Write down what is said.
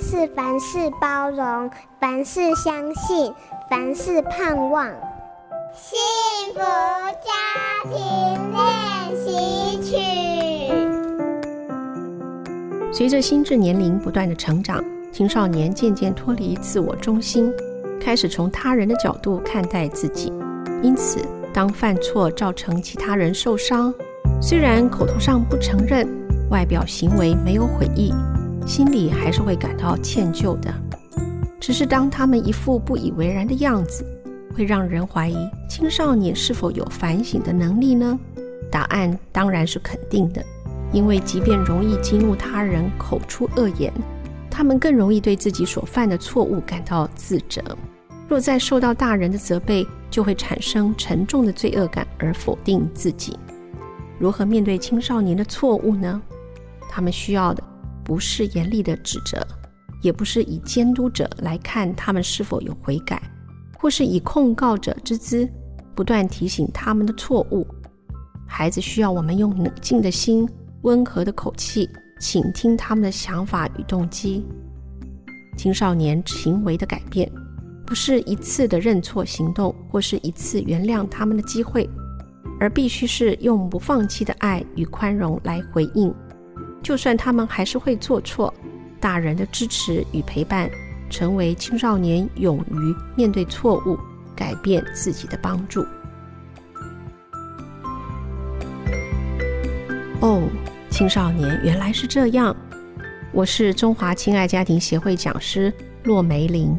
是凡事包容，凡事相信，凡事盼望。幸福家庭練習曲。隨着心智年齡不斷的成長，青少年漸漸脫離自我中心，開始從他人的角度看待自己。因此，當犯錯造成其他人受傷，雖然口頭上不承認，外表行為沒有悔意。心裡還是會感到歉疚的。只是當他們一副不以為然的樣子，會讓人懷疑青少年是否有反省的能力呢？答案當然是肯定的。因為即便容易激怒他人，口出惡言，他們更容易對自己所犯的錯誤感到自責。若再受到大人的責備，就會產生沉重的罪惡感而否定自己。如何面對青少年的錯誤呢？他們需要的。不是嚴厲的指責，也不是以監督者來看他們是否有悔改，或是以控告者之姿不斷提醒他們的錯誤。孩子需要我們用冷靜的心、溫和的口氣，傾聽他們的想法與動機。青少年行為的改變，不是一次的認錯行動，或是一次原諒他們的機會，而必須是用不放棄的愛與寬容來回應。就算他們還是會做錯，大人的支持與陪伴，成為青少年勇於面對錯誤、改變自己的幫助。哦，青少年原來是這樣！我是中華親愛家庭協會講師駱玫玲。